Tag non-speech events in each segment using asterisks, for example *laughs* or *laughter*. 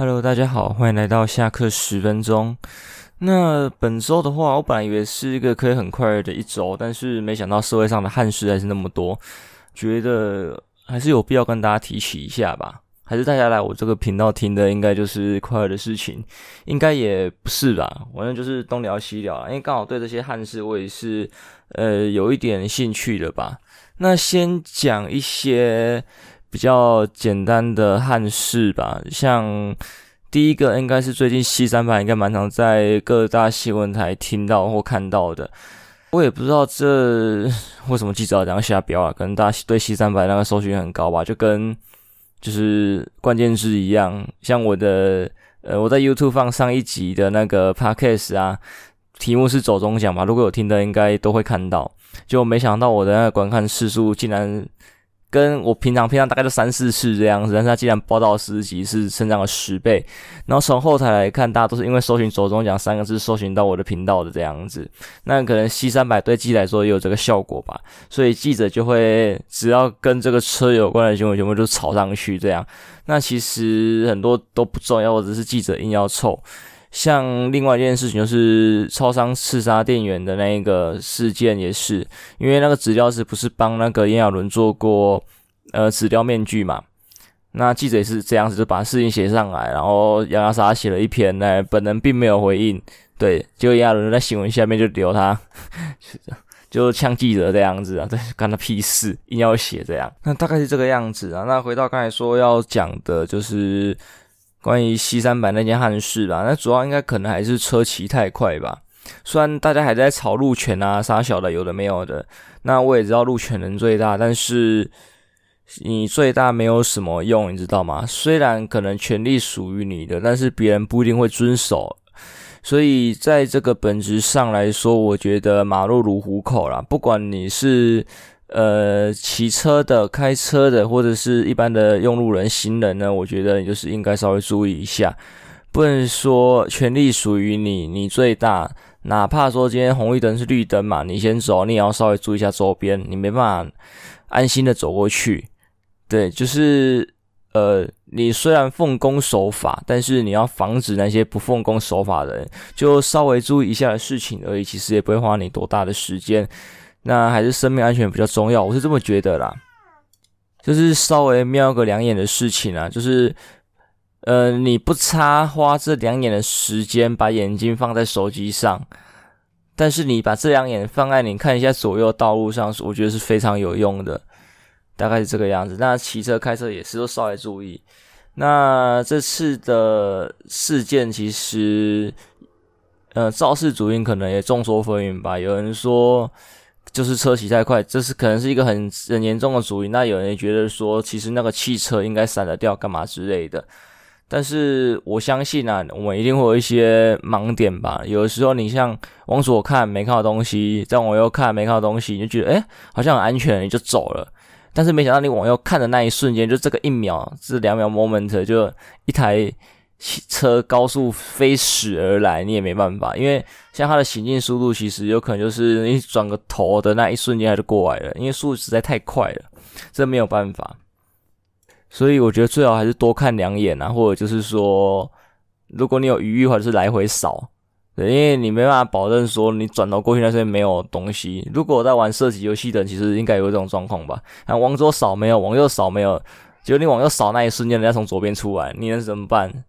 Hello，大家好，歡迎來到下課十分鐘。那本週的話，我本來以為是一個可以很快樂的一週，但是沒想到社會上的憾事還是那麼多，覺得還是有必要跟大家提起一下吧。還是大家來我這個頻道聽的，應該就是快樂的事情，應該也不是吧？反正就是東聊西聊，因為剛好對這些憾事我也是呃有一點興趣的吧。那先講一些。比較簡單的漢事吧，像第一個應該是最近 C 三板，應該蠻常在各大新聞台聽到或看到的。我也不知道這為什麼記者要這樣下標啊，可能大家對 C 三板那個搜尋很高吧，就跟就是關鍵字一樣。像我的呃，我在 YouTube 放上一集的那個 Podcast 啊，題目是“走中獎”嘛，如果有聽的應該都會看到。就沒想到我的那個觀看次數竟然，跟我平常平常大概就三四次這樣子，但是他竟然報到十集，是成長了十倍。然後從後台來看，大家都是因為搜尋“左中獎”三個字搜尋到我的頻道的這樣子。那可能 C 三百對記者來說也有這個效果吧，所以記者就會只要跟這個車有關的新聞，全部就炒上去這樣。那其實很多都不重要，或者是記者硬要湊。像另外一件事情，就是超商刺殺店員的那一個事件，也是因為那個紙雕師不是幫那個炎亞綸做過呃紙雕面具嘛？那記者也是這樣子，就把事情寫上來，然後洋洋灑灑寫了一篇，那本人並沒有回應，對，就炎亞綸在新聞下面就留他， *laughs* 就像記者這樣子啊，對，幹他屁事，硬要寫這樣，那大概是這個樣子啊。那回到剛才說要講的，就是。關於西三板那件憾事啦，那主要應該可能還是車騎太快吧。雖然大家還在吵路權啊、啥小的，有的沒有的。那我也知道路權人最大，但是你最大沒有什麼用，你知道嗎？雖然可能權利屬於你的，但是別人不一定會遵守。所以在這個本質上來說，我覺得馬路如虎口啦，不管你是。呃，騎車的、開車的，或者是一般的用路人、行人呢，我覺得你就是應該稍微注意一下，不能說權力屬於你，你最大。哪怕說今天紅綠燈是綠燈嘛，你先走，你也要稍微注意一下周邊，你沒辦法安心的走過去。對，就是呃，你雖然奉公守法，但是你要防止那些不奉公守法的人，就稍微注意一下的事情而已，其實也不會花你多大的時間。那還是生命安全比較重要，我是這麼覺得啦。就是稍微瞄個兩眼的事情啊，就是，呃，你不差花這兩眼的時間把眼睛放在手機上，但是你把這兩眼放在你看一下左右道路上，我覺得是非常有用的。大概是這個樣子。那騎車、開車也是都稍微注意。那這次的事件其實，呃，肇事主因可能也眾說紛紜吧，有人說。就是車騎太快，這是可能是一個很很嚴重的主因。那有人也覺得說，其實那個汽車應該閃得掉，幹嘛之類的。但是我相信啊，我們一定會有一些盲點吧。有的時候你像往左看沒看到東西，再往右看沒看到東西，你就覺得哎、欸、好像很安全，你就走了。但是沒想到你往右看的那一瞬間，就這個一秒這兩秒 moment，就一台。汽車高速飛馳而來，你也沒辦法，因為像它的行進速度，其實有可能就是你轉個頭的那一瞬間，它就過來了，因為速度實在太快了，這沒有辦法。所以我覺得最好還是多看兩眼啊，或者就是說，如果你有餘裕，或者是來回掃，對，因為你沒辦法保證說你轉頭過去那邊沒有東西。如果我在玩射擊遊戲的，其實應該有這種狀況吧？往左掃沒有，往右掃沒有，結果你往右掃那一瞬間，人家從左邊出來，你能怎麼辦？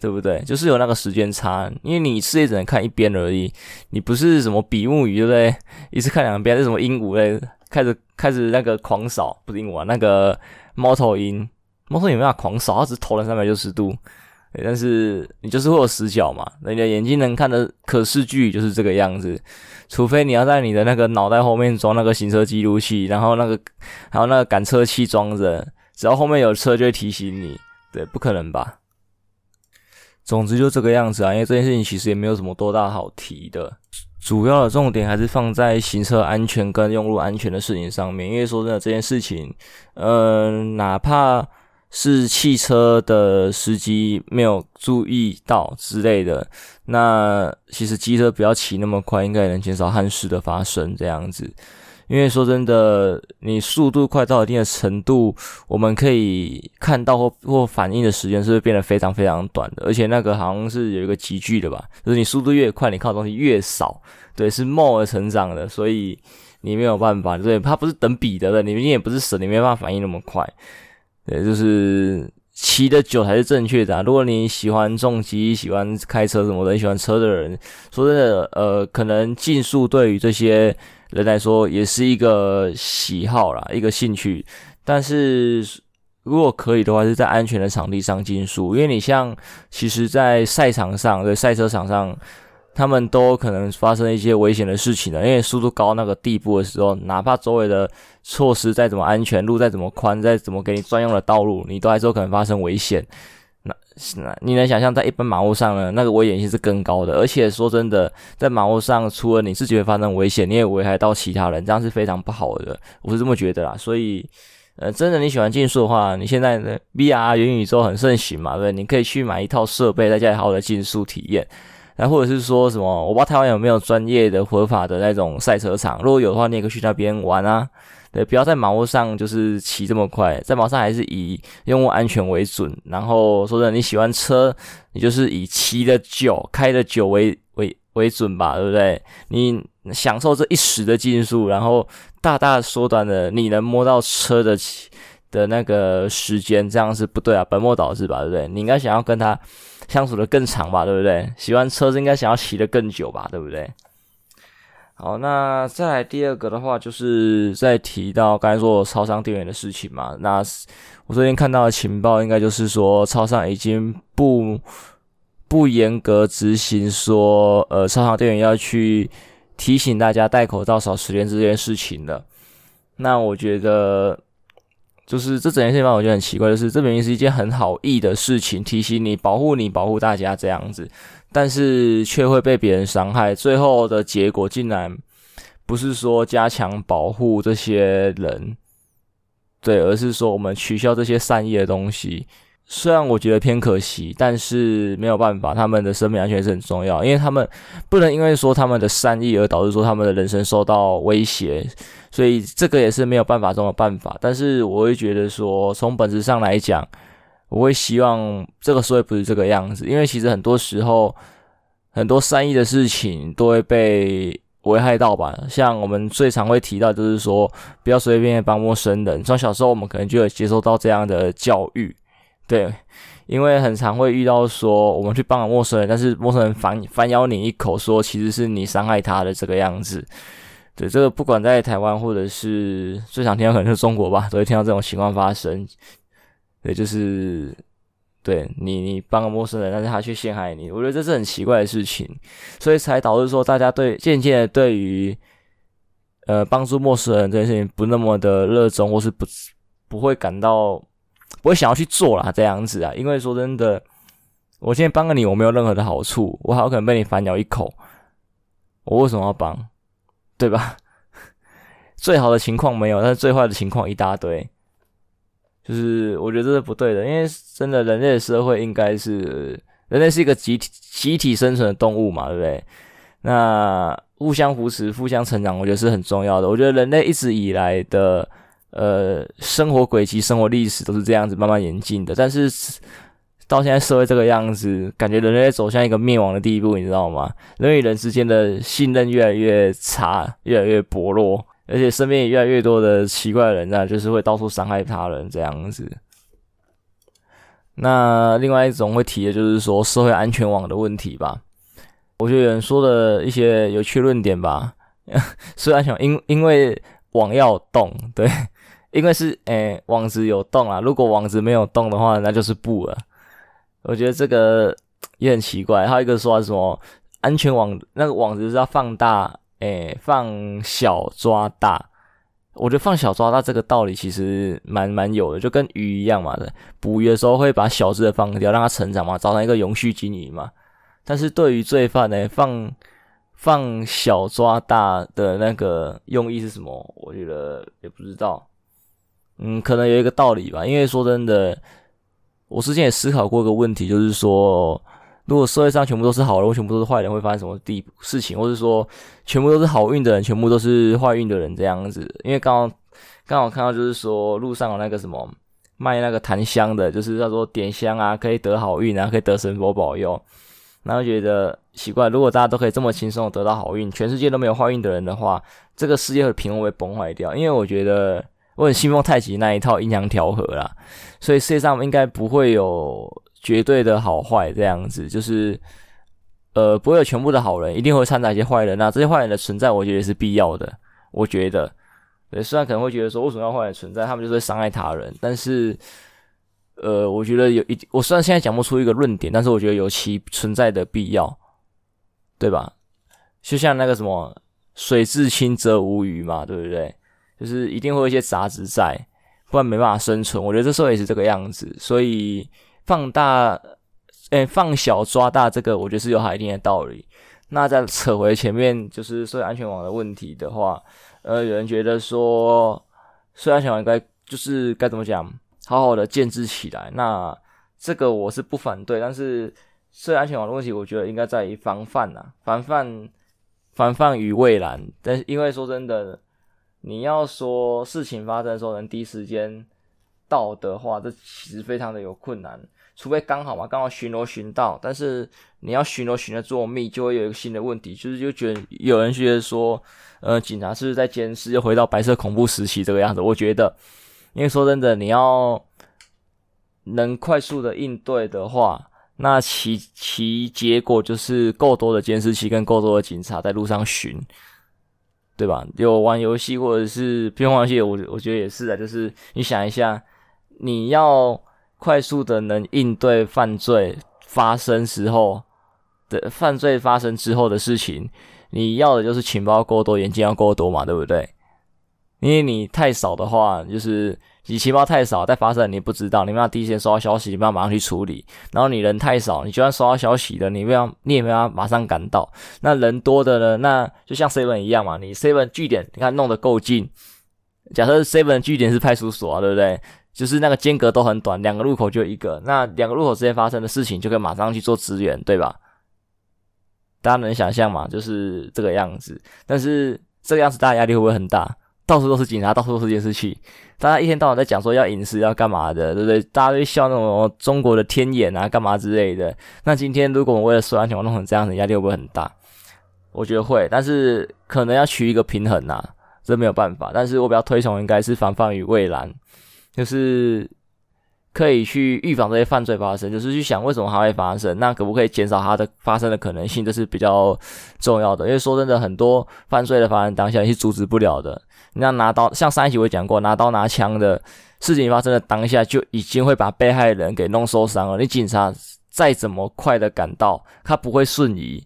對不對？就是有那個時間差，因為你視野只能看一邊而已。你不是什麼比目魚，對不對？一次看兩邊，這是什麼鸚鵡嘞？開始開始那個狂掃，不是鸚鵡啊，那個貓頭鷹，貓頭鷹，貓頭鷹有沒辦法狂掃，它只投了三百六十度。但是你就是會有死角嘛，人家眼睛能看的可視距就是這個樣子。除非你要在你的那個腦袋後面裝那個行車記錄器，然後那個還有那個感測器裝着，只要後面有車就會提醒你。對，不可能吧？總之就這個樣子啊，因為這件事情其實也沒有什麼多大好提的，主要的重點還是放在行車安全跟用路安全的事情上面。因為說真的，這件事情，呃，哪怕是汽車的司機沒有注意到之類的，那其實機車不要騎那麼快，應該也能減少憾事的發生，這樣子。因為說真的，你速度快到一定的程度，我們可以看到或或反應的時間是不是變得非常非常短的，而且那個好像是有一個急劇的吧，就是你速度越快，你靠東西越少，對，是慢而成長的，所以你沒有辦法，對，它不是等比的了，你畢竟也不是神，你沒辦法反應那麼快，對，就是騎得久才是正確的啊。如果你喜歡重機、喜歡開車什麼的，你喜歡車的人，說真的，呃，可能競速對於這些。人來說也是一個喜好啦，一個興趣。但是如果可以的話，是在安全的場地上競速。因為你像，其實，在賽場上，對賽車場上，他們都可能發生一些危險的事情的。因為速度高到那個地步的時候，哪怕周圍的措施再怎麼安全，路再怎麼寬，再怎麼給你專用的道路，你都還是有可能發生危險。是啊，你能想象在一般馬路上呢，那個危險性是更高的。而且說真的，在馬路上，除了你自己會發生危險，你也危害到其他人，這樣是非常不好的。我是這麼覺得啦。所以，呃，真的你喜歡競速的話，你現在呢，VR 元宇宙很盛行嘛，對不對？你可以去買一套設備，在家裡好好的競速體驗。那或者是說什麼，我不知道台灣有沒有專業的合法的那種賽車場，如果有的話，你也可以去那邊玩啊。對，不要在馬路上就是騎這麼快，在馬路上還是以用戶安全為準。然後說真的，你喜歡車，你就是以騎的久、開的久為為為準吧，對不對？你享受這一時的極速，然後大大縮短了你能摸到車的的那個時間，這樣是不對啊，本末倒置吧，對不對？你應該想要跟他相處的更長吧，對不對？喜歡車是應該想要騎的更久吧，對不對？好，那再來第二個的話，就是再提到剛才說超商店員的事情嘛。那我最近看到的情報，應該就是說超商已經不不嚴格執行說，呃，超商店員要去提醒大家戴口罩、掃實聯制這件事情了。那我覺得，就是這整件事情，我覺得很奇怪，就是這明明是一件很好意的事情，提醒你、保護你、保護大家這樣子。但是卻會被別人傷害，最後的結果竟然不是說加強保護這些人，對，而是說我們取消這些善意的東西。雖然我覺得偏可惜，但是沒有辦法，他們的生命安全是很重要，因為他們不能因為說他們的善意而導致說他們的人生受到威脅，所以這個也是沒有辦法中的辦法。但是我會覺得說，從本質上來講。我會希望這個社會也不是這個樣子，因為其實很多時候很多善意的事情都會被危害到吧。像我們最常會提到，就是說不要隨便幫陌生人。從小時候我們可能就有接受到這樣的教育，對，因為很常會遇到說我們去幫陌生人，但是陌生人反反咬你一口說，說其實是你傷害他的這個樣子。對，這個不管在台灣或者是最常聽到可能是中國吧，都會聽到這種情況發生。也就是對你，你幫個陌生人，但是他卻陷害你，我覺得這是很奇怪的事情，所以才導致說大家對漸漸的對於呃幫助陌生人這件事情不那麼的熱衷，或是不不會感到不會想要去做啦這樣子啊，因為說真的，我今天幫了你，我沒有任何的好處，我好可能被你反咬一口，我為什麼要幫？對吧？最好的情況沒有，但是最壞的情況一大堆。就是我覺得這是不對的，因為真的人類的社會應該是人類是一個集體集體生存的動物嘛，對不對？那互相扶持、互相成長，我覺得是很重要的。我覺得人類一直以來的呃生活軌跡、生活歷史都是這樣子慢慢演進的。但是到現在社會這個樣子，感覺人類走向一個滅亡的地步，你知道嗎？人與人之間的信任越來越差，越來越薄弱。而且身邊也越來越多的奇怪的人啊，就是會到處傷害他人這樣子。那另外一種會提的就是說社會安全網的問題吧。我覺得有人說的一些有趣論點吧，社會安全網，因因為網要動，對， *laughs* 因為是誒、欸，網子有動啊。如果網子沒有動的話，那就是不了。我覺得這個也很奇怪。還有一個說的是什麼安全網，那個網子是要放大。哎、欸，放小抓大，我覺得放小抓大這個道理其實蠻蠻有的，就跟魚一樣嘛，捕魚的時候會把小只的放掉，讓它成長嘛，造成一個永續經營嘛。但是對於罪犯呢、欸，放放小抓大的那個用意是什麼？我覺得也不知道。嗯，可能有一個道理吧，因為說真的，我之前也思考過一個問題，就是說。如果社會上全部都是好人，全部都是壞人，會發生什麼的事情？或是說，全部都是好運的人，全部都是壞運的人這樣子？因為剛剛剛好看到，就是說路上有那個什麼賣那個檀香的，就是他說點香啊，可以得好運、啊，然後可以得神佛保佑。然後覺得奇怪，如果大家都可以這麼輕鬆得到好運，全世界都沒有壞運的人的話，這個世界的平衡會崩壞掉。因為我覺得我很信奉太極那一套陰陽調和啦，所以世界上應該不會有。絕對的好壞這樣子，就是呃，不會有全部的好人，一定會摻雜一些壞人、啊。那這些壞人的存在，我覺得也是必要的。我覺得，對，雖然可能會覺得說為什麼要壞人存在，他們就是傷害他人，但是呃，我覺得有一，我雖然現在講不出一個論點，但是我覺得有其存在的必要，對吧？就像那個什麼，水至清則無魚嘛，對不對？就是一定會有一些雜質在，不然沒辦法生存。我覺得這時候也是這個樣子，所以。放大，誒、欸，放小抓大，這個我覺得是有好一定的道理。那再扯回前面，就是社會安全網的問題的話，呃，有人覺得說，社會安全網應該就是該怎麼講，好好的建置起來，那這個我是不反對。但是，社會安全網的問題，我覺得應該在於防範啊，防範，防範於未然。但是，因為說真的，你要說事情發生的時候能第一時間到的話，這其實非常的有困難。除非剛好嘛，剛好巡邏巡到，但是你要巡邏巡的做密，就會有一個新的問題，就是就覺得有人覺得說，呃，警察是不是在監視，又回到白色恐怖時期這個樣子。我覺得，因為說真的，你要能快速的應對的話，那其其結果就是夠多的監視器跟夠多的警察在路上巡，對吧？有玩遊戲或者是邊玩遊戲，我我覺得也是啊，就是你想一下，你要。快速的能應對犯罪發生時候的犯罪發生之後的事情，你要的就是情報要夠多，眼睛要夠多嘛，對不對？因為你太少的話，就是你情報太少，再發生你不知道，你沒有第一時間收到消息，你沒有馬上去處理。然後你人太少，你就算收到消息了，你沒有，你也沒有馬上趕到。那人多的呢，那就像 seven 一樣嘛，你 seven 據點，你看弄得夠近。假設 seven 據點是派出所啊，對不對？就是那個間隔都很短，兩個路口就一個，那兩個路口之間發生的事情就可以馬上去做支援，對吧？大家能想象嗎？就是這個樣子，但是這個樣子大家壓力會不會很大？到處都是警察，到處都是監視器，大家一天到晚在講說要隱私要幹嘛的，對不對？大家會笑那種中國的天眼啊，幹嘛之類的。那今天如果我們為了社會安全弄成這樣子，壓力會不會很大？我覺得會，但是可能要取一個平衡吶、啊，這沒有辦法。但是我比較推崇應該是防範於未然。就是可以去預防這些犯罪發生，就是去想為什麼他會發生，那可不可以減少他的發生的可能性？這是比較重要的，因為說真的，很多犯罪的發生當下也是阻止不了的。你要拿刀，像上一集我也講過，拿刀拿槍的事情發生的當下，就已經會把被害人給弄受傷了。你警察再怎麼快的趕到，他不會瞬移，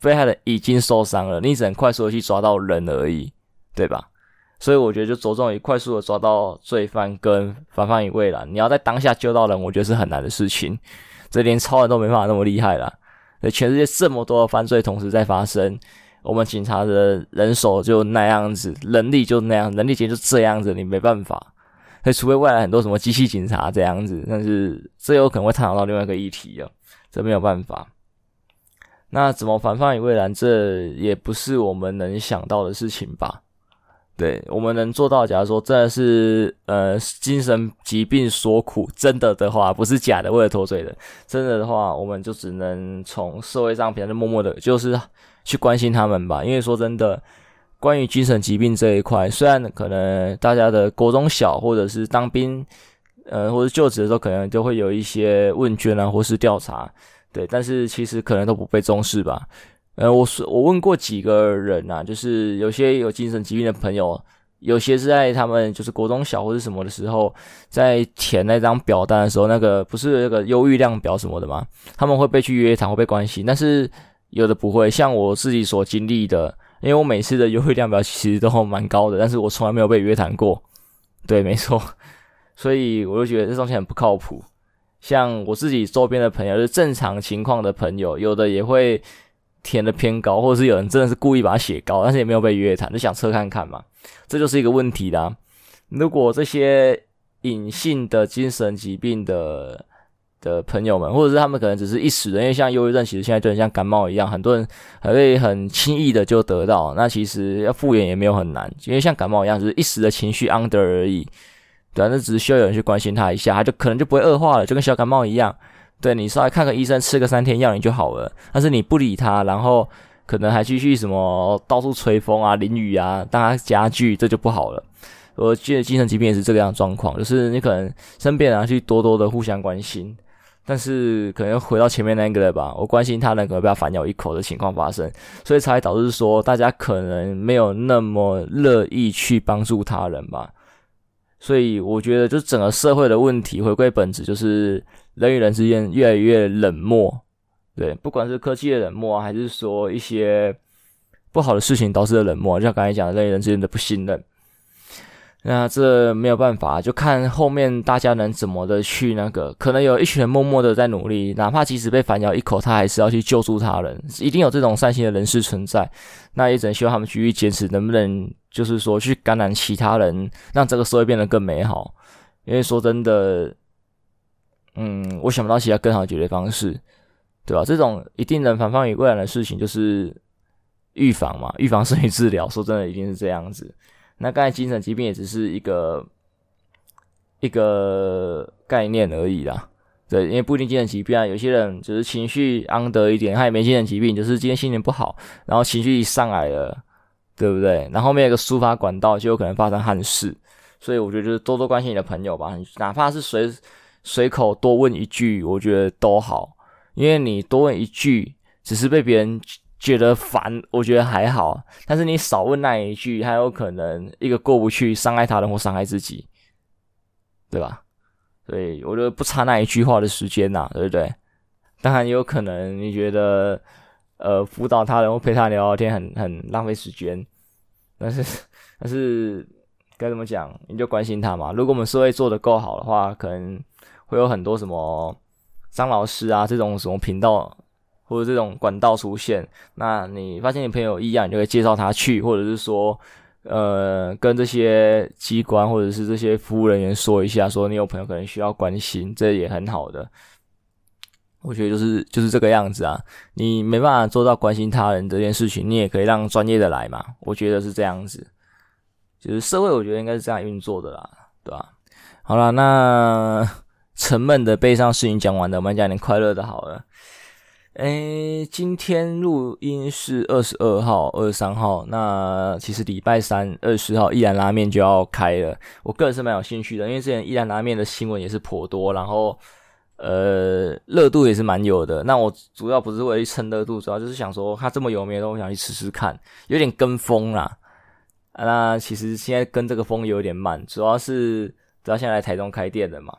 被害人已經受傷了，你只能快速的去抓到人而已，對吧？所以我覺得就着重於快速的抓到罪犯跟防範於未然。你要在當下救到人，我覺得是很難的事情。這連超人都沒辦法那麼厲害了。那全世界這麼多的犯罪同時在發生，我們警察的人手就那樣子，能力就那樣，能力僅就這樣子，你沒辦法。那除非未來很多什麼機器警察這樣子，但是這有可能會探討到另外一個議題了，這沒有辦法。那怎麼防範於未然？這也不是我們能想到的事情吧？對，我們能做到。假如說真的是呃精神疾病所苦，真的的話，不是假的，為了脫罪的，真的的話，我們就只能從社會上，別人默默的，就是去關心他們吧。因為說真的，關於精神疾病這一塊，雖然可能大家的國中小或者是當兵，呃，或者就職的時候，可能就會有一些問卷啊，或是調查，對，但是其實可能都不被重視吧。呃，我是我問過幾個人啊，就是有些有精神疾病的朋友，有些是在他們就是國中小或是什麼的時候，在填那張表單的時候，那個不是那個憂鬱量表什麼的嗎？他們會被去約談，會被關心，但是有的不會，像我自己所經歷的，因為我每次的憂鬱量表其實都蠻高的，但是我從來沒有被約談過。對，沒錯，所以我就覺得這東西很不靠譜。像我自己周邊的朋友，就正常情況的朋友，有的也會。填的偏高，或者是有人真的是故意把它寫高，但是也沒有被約談，就想測看看嘛，這就是一個問題啦。如果這些隱性的精神疾病的的朋友們，或者是他們可能只是一時的，因為像憂鬱症，其實現在就很像感冒一樣，很多人還會很輕易的就得到，那其實要復原也沒有很難，因為像感冒一樣，就是一時的情緒 under 而已，對啊，那只需要有人去關心他一下，他就可能就不會惡化了，就跟小感冒一樣。對，你稍微看個醫生，吃個三天藥你就好了。但是你不理他，然後可能還繼續什麼到處吹風啊、淋雨啊，當他加劇，這就不好了。我記得精神疾病也是這個樣的狀況，就是你可能身邊人要去多多的互相關心，但是可能回到前面那個了吧，我關心他人可能被他反咬一口的情況發生，所以才導致說大家可能沒有那麼樂意去幫助他人吧。所以我覺得，就是整個社會的問題，回歸本質就是人與人之間越來越冷漠。對，不管是科技的冷漠啊，還是說一些不好的事情導致的冷漠，就像剛才講的人與人之間的不信任。那這沒有辦法，就看後面大家能怎麼的去那個。可能有一群人默默的在努力，哪怕即使被反咬一口，他還是要去救助他人。一定有這種善心的人士存在，那也只能希望他們繼續堅持，能不能？就是說，去感染其他人，讓這個社會變得更美好。因為說真的，嗯，我想不到其他更好的解決方式，對吧？這種一定能防患於未然的事情，就是預防嘛。預防勝於治療。說真的，一定是這樣子。那剛才精神疾病也只是一個一個概念而已啦。對，因為不一定精神疾病啊，有些人只是情緒昂得一點，他也沒精神疾病，就是今天心情不好，然後情緒一上來了。對不對？然後面有一個抒發管道，就有可能發生憾事。所以我覺得，多多關心你的朋友吧，哪怕是隨隨口多問一句，我覺得都好。因為你多問一句，只是被別人覺得煩，我覺得還好。但是你少問那一句，還有可能一個過不去，傷害他人或傷害自己，對吧？所以我覺得不差那一句話的時間吶、啊，對不對？當然也有可能你覺得。呃，輔導他，然後陪他聊聊天很、很很浪費時間。但是，但是該怎麼講？你就關心他嘛。如果我們社會做得夠好的話，可能會有很多什麼張老師啊這種什麼頻道或者這種管道出現。那你發現你朋友異樣，你就可以介紹他去，或者是說，呃，跟這些機關或者是這些服務人員說一下，說你有朋友可能需要關心，這也很好的。我覺得就是就是這個樣子啊，你沒辦法做到關心他人這件事情，你也可以讓專業的來嘛。我覺得是這樣子，就是社會我覺得應該是這樣運作的啦，對吧、啊？好了，那沉悶的悲傷事情講完了，我們講點快樂的好了。誒、欸，今天錄音是二十二號、二十三號，那其實禮拜三二十號一蘭拉麵就要開了，我個人是蠻有興趣的，因為之前一蘭拉麵的新聞也是頗多，然後。呃，熱度也是蠻有的。那我主要不是為了蹭熱度，主要就是想說，他這麼有名的，我想去試試看，有點跟風啦。啊，那其實現在跟這個風有點慢，主要是主要現在來台中開店的嘛，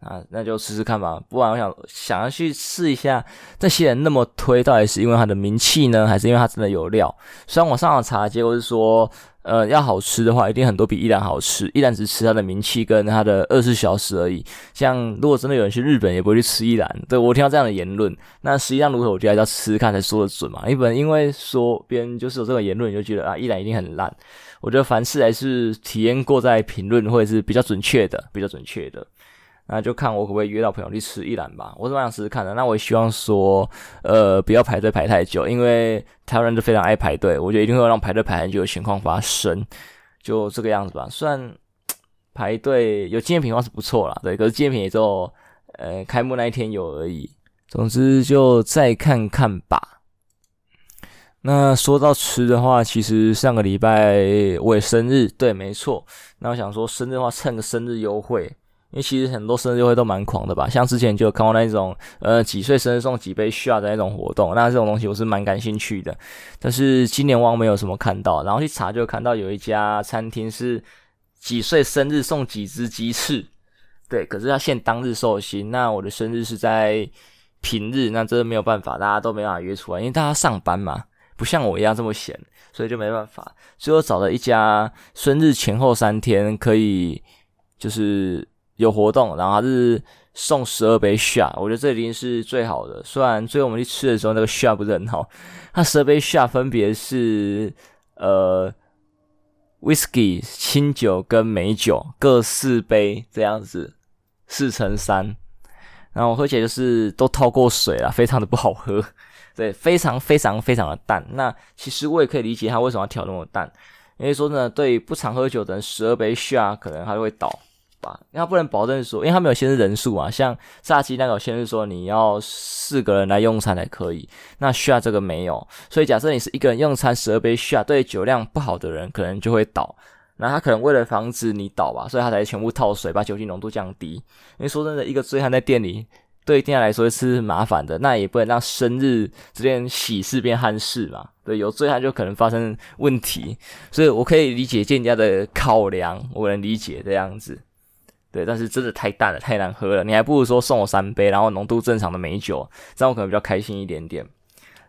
啊，那就試試看吧。不然我想想要去試一下，這些人那麼推，到底是因為他的名氣呢，還是因為他真的有料？雖然我上網查，結果是說。呃、嗯，要好吃的話，一定很多比一蘭好吃。一蘭只吃它的名氣跟它的二十四小時而已。像如果真的有人去日本，也不會去吃一蘭。對，我聽到這樣的言論，那實際上如何，我覺得還是要吃吃看才說得準嘛。因為因為說別人就是有這個言論，你就覺得啊，一蘭一定很爛。我覺得凡事還是體驗過再評論，會是比較準確的，比較準確的。那就看我可不可以約到朋友去吃一蘭吧，我是蠻想試試看的。那我也希望說，呃，不要排隊排太久，因為台灣人就非常愛排隊，我覺得一定會讓排隊排很久的情況發生，就這個樣子吧。雖然排隊有紀念品的話是不錯啦，對，可是紀念品也只有呃開幕那一天有而已。總之就再看看吧。那說到吃的話，其實上個禮拜我也生日，對，沒錯。那我想說，生日的話趁個生日優惠。因為其實很多生日會都蠻狂的吧，像之前就有看過那種，呃，幾歲生日送幾杯 shot 的那種活動，那這種東西我是蠻感興趣的，但是今年我沒有什麼看到，然後去查就看到有一家餐廳是幾歲生日送幾只雞翅，對，可是他限當日壽星，那我的生日是在平日，那真的沒有辦法，大家都沒辦法約出來，因為大家上班嘛，不像我一樣這麼閒，所以就沒辦法，所以我找了一家生日前後三天可以，就是。有活動，然後還是送十二杯蝦，我覺得這已經是最好的。雖然最後我們去吃的時候，那、這個蝦不是很好。它十二杯蝦分別是呃，whisky 清酒跟美酒各四杯這樣子，四乘三。然後喝起來就是都泡過水了，非常的不好喝。對，非常非常非常的淡。那其實我也可以理解他為什麼要調那麼淡，因為說呢，對於不常喝酒的人，十二杯蝦可能他就會倒。那不能保證說，因為他沒有限制人數啊，像沙期那個先是說你要四個人來用餐才可以，那下這個沒有，所以假設你是一個人用餐十二杯下，對酒量不好的人可能就會倒，那他可能為了防止你倒吧，所以他才全部套水把酒精濃度降低。因為說真的，一個醉漢在店裡對店家來說是麻煩的，那也不能讓生日這件喜事變憾事嘛，對，有醉漢就可能發生問題，所以我可以理解店家的考量，我能理解這樣子。對，但是真的太淡了，太難喝了。你還不如說送我三杯，然後濃度正常的美酒，這樣我可能比較開心一點點。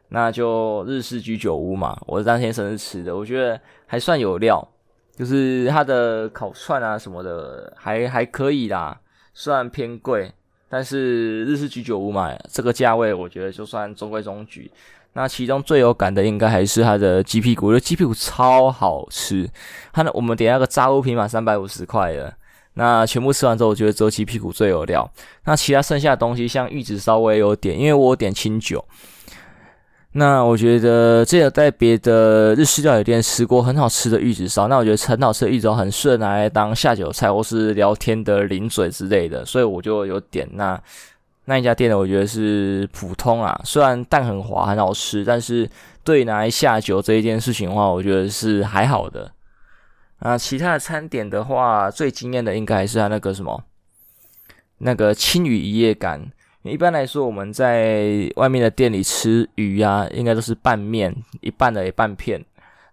那就日式居酒屋嘛，我是當天生日吃的，我覺得還算有料，就是他的烤串啊什麼的還還可以啦，雖然偏貴，但是日式居酒屋嘛，這個價位我覺得就算中規中矩。那其中最有感的應該還是他的雞屁股，我覺得雞屁股超好吃。他呢，我們點那個炸物拼盤嘛，三百五十塊的。那全部吃完之後，我覺得只有雞屁股最有料。那其他剩下的東西，像玉子燒我也有點，因為我有點清酒。那我覺得這個在別的日式料理店吃過很好吃的玉子燒，那我覺得很好吃的玉子燒很順，拿來當下酒菜或是聊天的零嘴之類的，所以我就有點那那一家店的，我覺得是普通啊。雖然蛋很滑很好吃，但是對拿來下酒這一件事情的話，我覺得是還好的。啊，其他的餐點的話，最驚豔的應該還是他那個什麼，那個青魚一夜乾。一般來說，我們在外面的店裡吃魚啊，應該都是半面一半的一半片。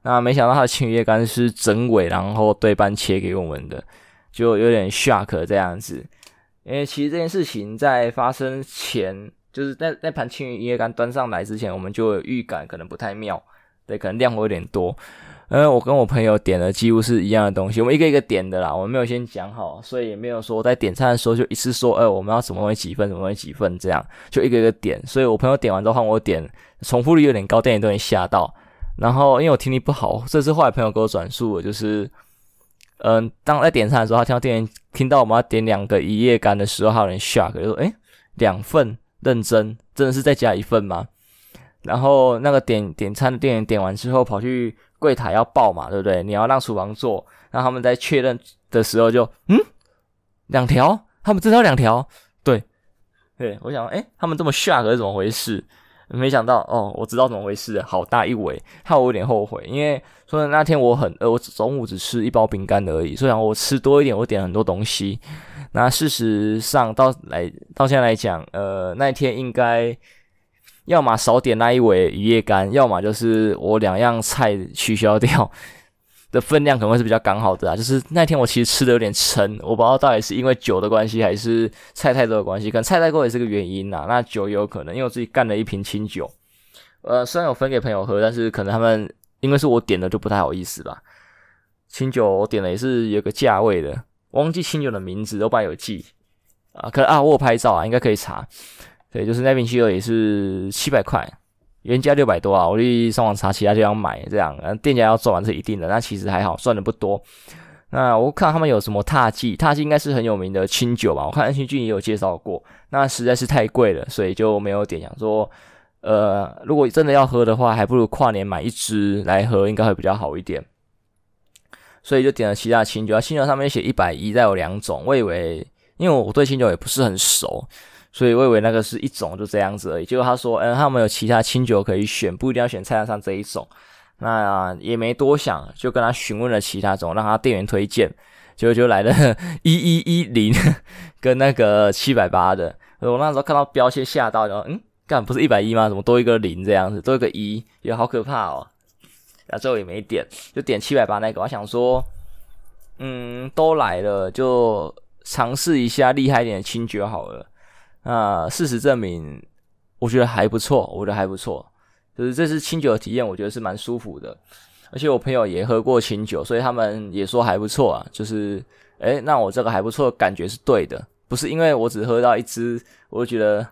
那沒想到他的青魚一夜乾是整尾，然後對半切給我們的，就有點 shock 這樣子。因為其實這件事情在發生前，就是在那盤青魚一夜干端上來之前，我們就有預感可能不太妙，對，可能量會有點多。呃，因為我跟我朋友點的幾乎是一樣的東西，我們一個一個點的啦，我們沒有先講好，所以也沒有說我在點餐的時候就一次說，呃，我們要怎麼會幾份，怎麼會幾份，這樣就一個一個點。所以我朋友點完之後，我點重複率有點高，店員都很嚇到。然後因為我聽力不好，這次後來朋友給我轉述的就是，嗯，當在點餐的時候，他聽到店員聽到我們要點兩個一夜干的時候，他有點嚇，就說，哎，兩份認真，真的是再加一份嗎？然後那個點點餐的店員點完之後，跑去。櫃台要爆嘛，對不對？你要讓廚房做，讓他們在確認的時候就，嗯，兩條，他們至少兩條，對，對，我想，誒，他們這麼 shock 是怎麼回事？沒想到，哦，我知道怎麼回事。好大一圍，害我有點後悔，因為雖然那天我很餓，呃，我中午只吃一包餅乾而已，雖然我吃多一點，我點很多東西，那事實上到來到現在來講，呃，那天應該。要麼少點那一尾魚一夜干；要麼就是我兩樣菜取消掉的分量，可能會是比較剛好的啊。就是那天我其實吃的有點撐，我不知道到底是因為酒的關係，還是菜太多的關係，可能菜太多也是個原因啊。那酒也有可能，因為我自己乾了一瓶清酒，呃，雖然有分給朋友喝，但是可能他們因為是我點的，就不太好意思吧。清酒我點的也是有個價位的，我忘記清酒的名字，我本來有記啊，可啊，我拍照啊，應該可以查。對，就是那瓶清酒也是七百塊，原價六百多啊。我去上網查，其他地方買這樣，然後店家要做完是一定的，那其實還好，賺的不多。那我看他們有什麼獺祭，獺祭應該是很有名的清酒吧？我看安心俊也有介紹過，那實在是太貴了，所以就沒有點。想說，呃，如果真的要喝的話，還不如跨年買一支來喝，應該會比較好一點。所以就點了其他清酒啊，清酒上面寫一百一，再有兩種，我以為，因為我對清酒也不是很熟。所以我以為那個是一種，就這樣子而已。結果他說，嗯、欸，他們有，有其他清酒可以選，不一定要選菜單上這一種。那也沒多想，就跟他詢問了其他種，讓他店員推薦。結果就來了一一一零跟那個七百八的。所以我那時候看到標籤嚇到，然後嗯，幹不是一百一嗎？怎麼多一個零這樣子，多一個一，也好可怕哦、喔。然、啊、後最後也沒點，就點七百八那個。我想說，嗯，都來了就嘗試一下厲害一點的清酒好了。那、啊、事實證明，我覺得還不錯，我覺得還不錯，就是這支清酒的體驗，我覺得是蠻舒服的。而且我朋友也喝過清酒，所以他們也說還不錯啊。就是，哎、欸，那我這個還不錯，感覺是對的，不是因為我只喝到一支，我就覺得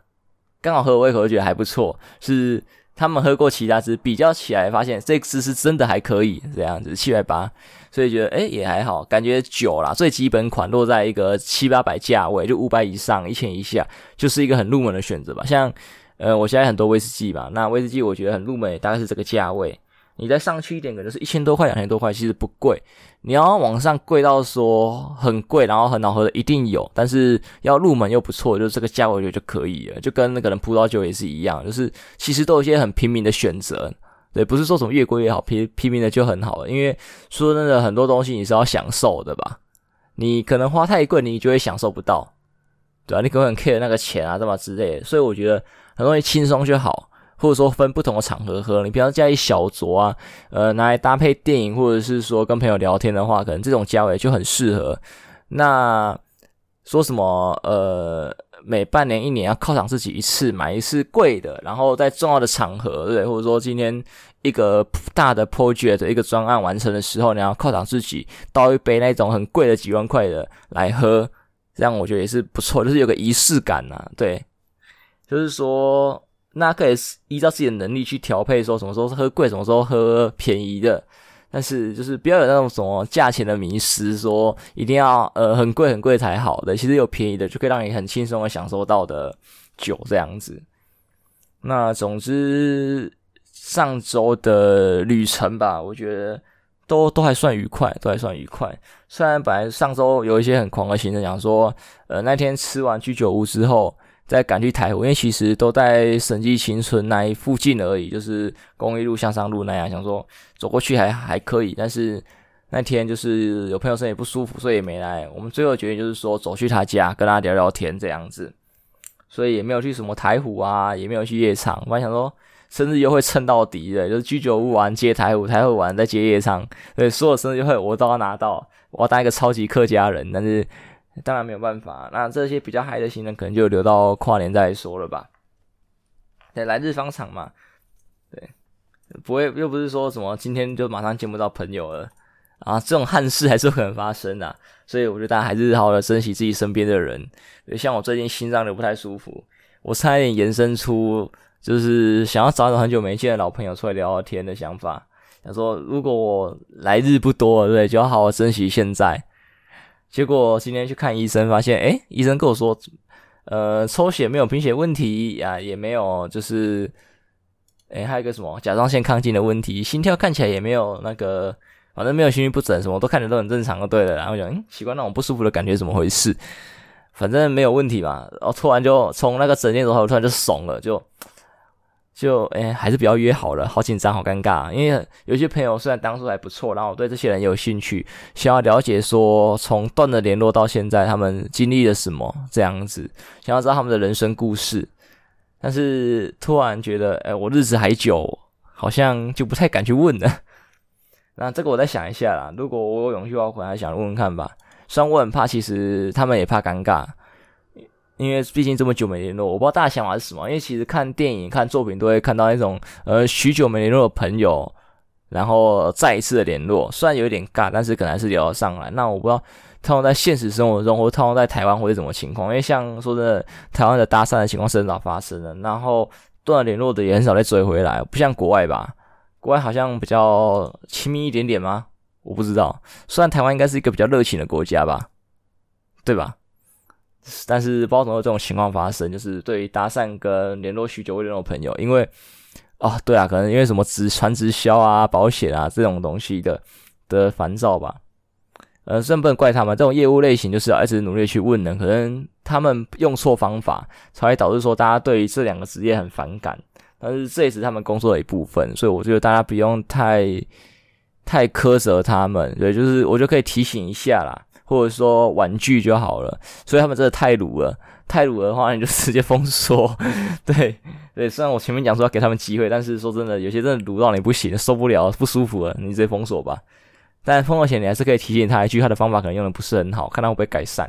剛好合我胃口，覺得還不錯，是。他們喝過其他支，比較起來發現這支是真的還可以這樣子，七百八，所以覺得誒，也還好，感覺酒啦，最基本款落在一個七八百價位，就五百以上一千以下，就是一個很入門的選擇吧。像呃我現在很多威士忌嘛，那威士忌我覺得很入門，大概是這個價位，你再上去一點可能就是一千多塊兩千多塊，其實不貴。你要往上貴到說很貴，然後很好喝的一定有，但是要入門又不錯，就這個價位就可以了，就跟那個人葡萄酒也是一樣，就是其實都有一些很平民的選擇，對，不是說什麼越貴越好，平平民的就很好了，因為說真的，很多東西你是要享受的吧，你可能花太貴，你就會享受不到，對啊，你可能很 care 那個錢啊，這麼之類的，所以我覺得很容易輕鬆就好。或者說分不同的場合喝，你比方家裡小酌啊，呃，拿來搭配電影，或者是說跟朋友聊天的話，可能這種價位就很適合。那說什麼呃，每半年、一年要犒賞自己一次，買一次貴的，然後在重要的場合，對，或者說今天一個大的 project、一個專案完成的時候，你要犒賞自己，倒一杯那種很貴的幾萬塊的來喝，這樣我覺得也是不錯，就是有個儀式感啊。對，就是說。那可以依照自己的能力去調配，說什麼時候喝貴，什麼時候喝便宜的。但是就是不要有那種什麼價錢的迷思，說一定要呃很貴很貴才好的。其實有便宜的就可以讓你很輕鬆的享受到的酒這樣子。那總之上周的旅程吧，我覺得都都還算愉快，都還算愉快。雖然本來上周有一些很狂的行程，講說呃那天吃完居酒屋之後。再趕去台湖，因為其實都在神記新村那一附近而已，就是公益路、向上路那樣。想說走過去還還可以，但是那天就是有朋友身體不舒服，所以也沒來。我們最後決定就是說走去他家，跟他聊聊天這樣子，所以也沒有去什麼台湖啊，也沒有去夜場。我還想說生日又會蹭到底的，就是居酒屋玩、接台湖、台會玩、再接夜場。對，所以說我生日會，我都要拿到，我要當一個超級客家人，但是。當然沒有辦法，那這些比較嗨的新人可能就留到跨年再說了吧。對，來日方長嘛，對，不會又不是說什麼今天就馬上見不到朋友了啊，這種憾事還是會很發生的，啊，所以我覺得大家還是好好的珍惜自己身邊的人。對，像我最近心臟有點不太舒服，我差一點延伸出就是想要找找很久沒見的老朋友出來聊聊天的想法，想說如果我來日不多了，對，就要好好珍惜現在。結果今天去看醫生，發現哎、欸，醫生跟我說，呃，抽血沒有貧血問題啊，也沒有，就是，哎、欸，還有一個什麼甲狀腺亢進的問題，心跳看起來也沒有那個，反正沒有心律不整，什麼都看着都很正常，就對了。然後講，嗯，奇怪，那種不舒服的感覺怎麼回事？反正沒有問題吧，然後突然就從那個整的時候，突然就慫了，就。就誒、欸，還是比較約好了，好緊張，好尷尬、啊。因為有些朋友雖然當初還不錯，然後我對這些人也有興趣，想要了解說從斷了聯絡到現在他們經歷了什麼這樣子，想要知道他們的人生故事。但是突然覺得，誒、欸，我日子還久，好像就不太敢去問了。 *laughs* 那這個我再想一下啦，如果我有勇氣的話，還想問問看吧。雖然我很怕，其實他們也怕尷尬。因為畢竟這麼久沒聯絡，我不知道大家想法是什麼。因為其實看電影、看作品都會看到那種，呃，許久沒聯絡的朋友，然後再一次的聯絡，雖然有一點尬，但是可能是聊得上來。那我不知道，通常在現實生活中，或是通常在台灣，或者什麼情況？因為像說真的，台灣的搭訕的情況是很少發生的，然後斷了聯絡的也很少再追回來，不像國外吧？國外好像比較親密一點點嗎？我不知道。雖然台灣應該是一個比較熱情的國家吧，對吧？但是不知道怎麼會有這種情況發生，就是對於搭訕跟聯絡許久未聯絡朋友，因為哦，對啊，可能因為什麼直傳直銷啊、保險啊這種東西的的煩躁吧，呃，雖然不能怪他們，這種業務類型就是要一直努力去問人，可能他們用錯方法，才會導致說大家對於這兩個職業很反感。但是這也是他們工作的一部分，所以我覺得大家不用太太苛責他們，對，就是我覺得可以提醒一下啦。或者說婉拒就好了，所以他們真的太魯了。太魯的話，你就直接封鎖。對對，雖然我前面講說要給他們機會，但是說真的，有些真的魯到你不行，受不了，不舒服了，你直接封鎖吧。但封鎖前，你還是可以提醒他一句，他的方法可能用的不是很好，看他會不會改善。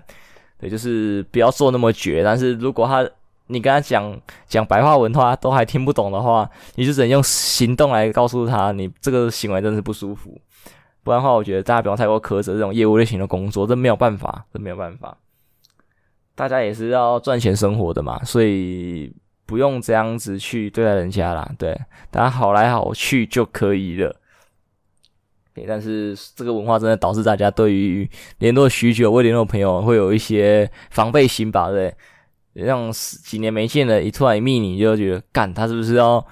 對，就是不要做那麼絕。但是如果他你跟他講講白話文的話，他都還聽不懂的話，你就只能用行動來告訴他，你這個行為真的是不舒服。不然的話，我覺得大家不要太過苛責這種業務類型的工作，這沒有辦法，這沒有辦法。大家也是要賺錢生活的嘛，所以不用這樣子去對待人家啦。對，大家好來好去就可以了。但是這個文化真的導致大家對於聯絡許久未聯絡的朋友會有一些防備心吧？對，讓幾年沒見的，一突然一密你，就覺得幹他是不是要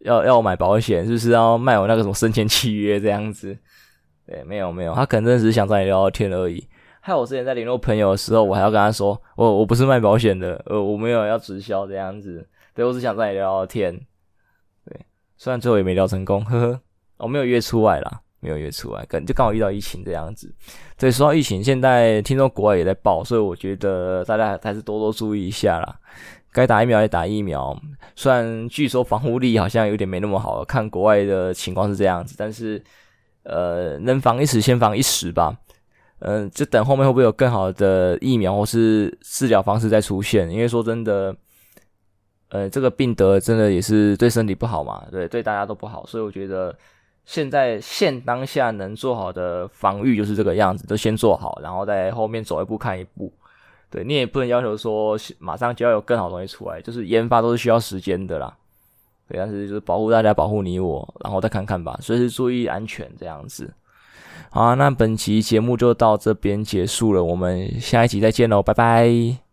要要我買保險？是不是要賣我那個什麼生前契約這樣子？對，沒有沒有，他可能真只是想找你聊聊天而已。害我之前在聯絡朋友的時候，我還要跟他說，我我不是賣保險的，呃，我沒有要直銷這樣子。對，我只想找你聊聊天。對，雖然最後也沒聊成功，呵呵，我、哦、沒有約出來啦，沒有約出來，可能就剛好遇到疫情這樣子。對，說到疫情，現在聽說國外也在爆，所以我覺得大家還是多多注意一下啦。該打疫苗也打疫苗，雖然據說防護力好像有點沒那麼好，看國外的情況是這樣子，但是。呃，能防一時先防一時吧，嗯、呃，就等後面會不會有更好的疫苗或是治療方式再出現。因為說真的，呃，這個病得真的也是對身體不好嘛，對，對大家都不好。所以我覺得現在現當下能做好的防禦就是這個樣子，就先做好，然後在後面走一步看一步。對，你也不能要求說馬上就要有更好的東西出來，就是研發都是需要時間的啦。對，但是就是保護大家，保護你我，然後再看看吧。隨時注意安全，這樣子。好啊，那本期節目就到這邊結束了，我們下一集再見嘍，拜拜。